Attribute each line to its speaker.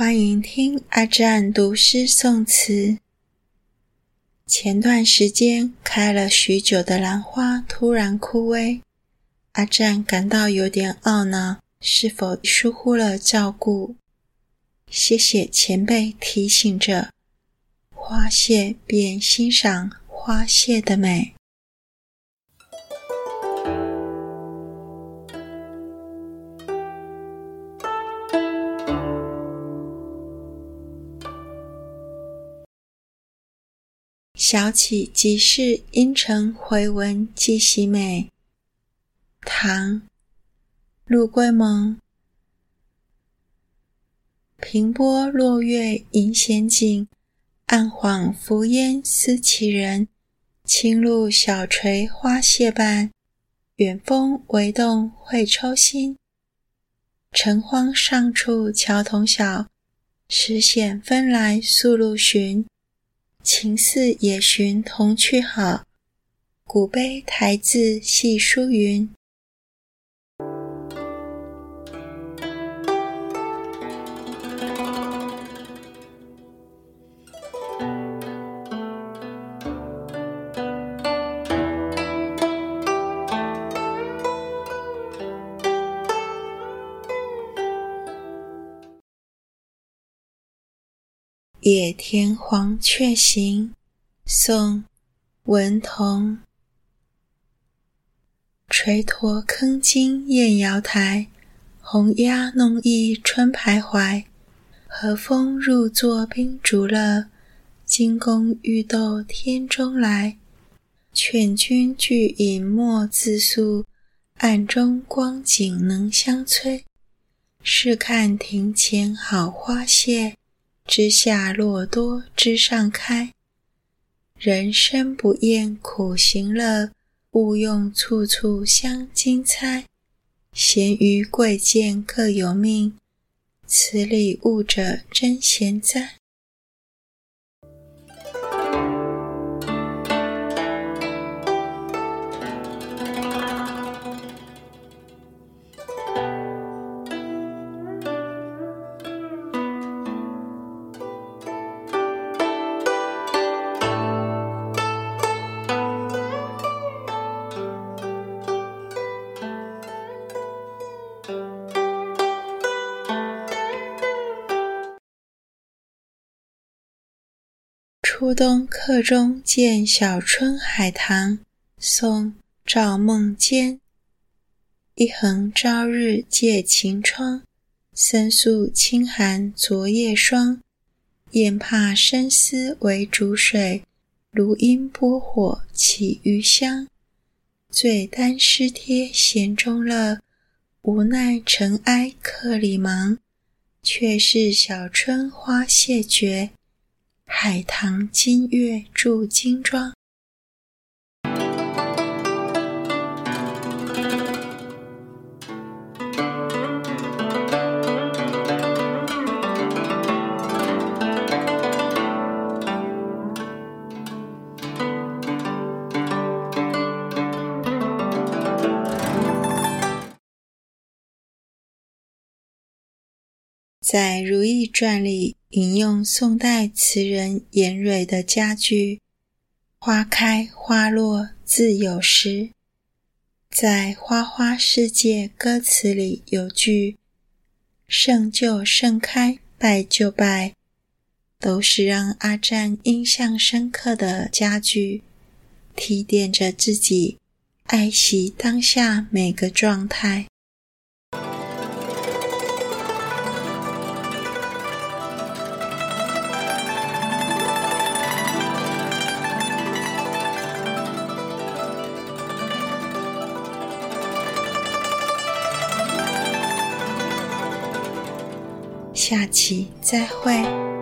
Speaker 1: 歡迎聽阿占讀詩宋詞。前段時間開了許久的蘭花突然枯萎，阿占感到有點懊惱，是否疏忽了照顧？謝謝前輩提醒着，花謝便欣賞花謝的美。曉起即是陰沉回文即喜美。唐·陸龜蒙。平波落月隱閒景，暗晃浮煙思其人。輕露小垂花謝半，遠風微動會抽心。晨荒上處橋同小，石險分來宿路尋。晴寺野尋同去好，古碑苔字細書勻。
Speaker 2: 野田黃雀行，
Speaker 1: 宋·文同。搥鼉鏗鯨宴瑤台，紅鴉弄翼春徘徊。和風入坐賓主樂，金觥玉豆天中來。勸君劇飲莫自訴，暗中光景能相催。試看庭前好花謝，枝下落多枝上開，人生不厭苦行樂，勿用蹙促相驚猜。賢愚貴賤各有命，此理悟者真賢哉。
Speaker 2: 初冬客中
Speaker 1: 見小春海棠，宋·趙孟堅。一痕朝日界晴窗，森肅清寒昨夜霜。硯怕生澌微貯水，爐因撥火起餘香。最耽詩帖閒中樂，無奈塵埃客裹忙。卻是小春花謝絕。海棠經月駐經妝，在《如懿傳》裡。引用宋代詞人嚴蕊的佳句：“花開花落自有時。”在《花花世界》歌詞裡有句：“盛就盛開，敗就敗”，都是讓阿占印象深刻的佳句，提點着自己愛惜當下每個狀態。下期再會。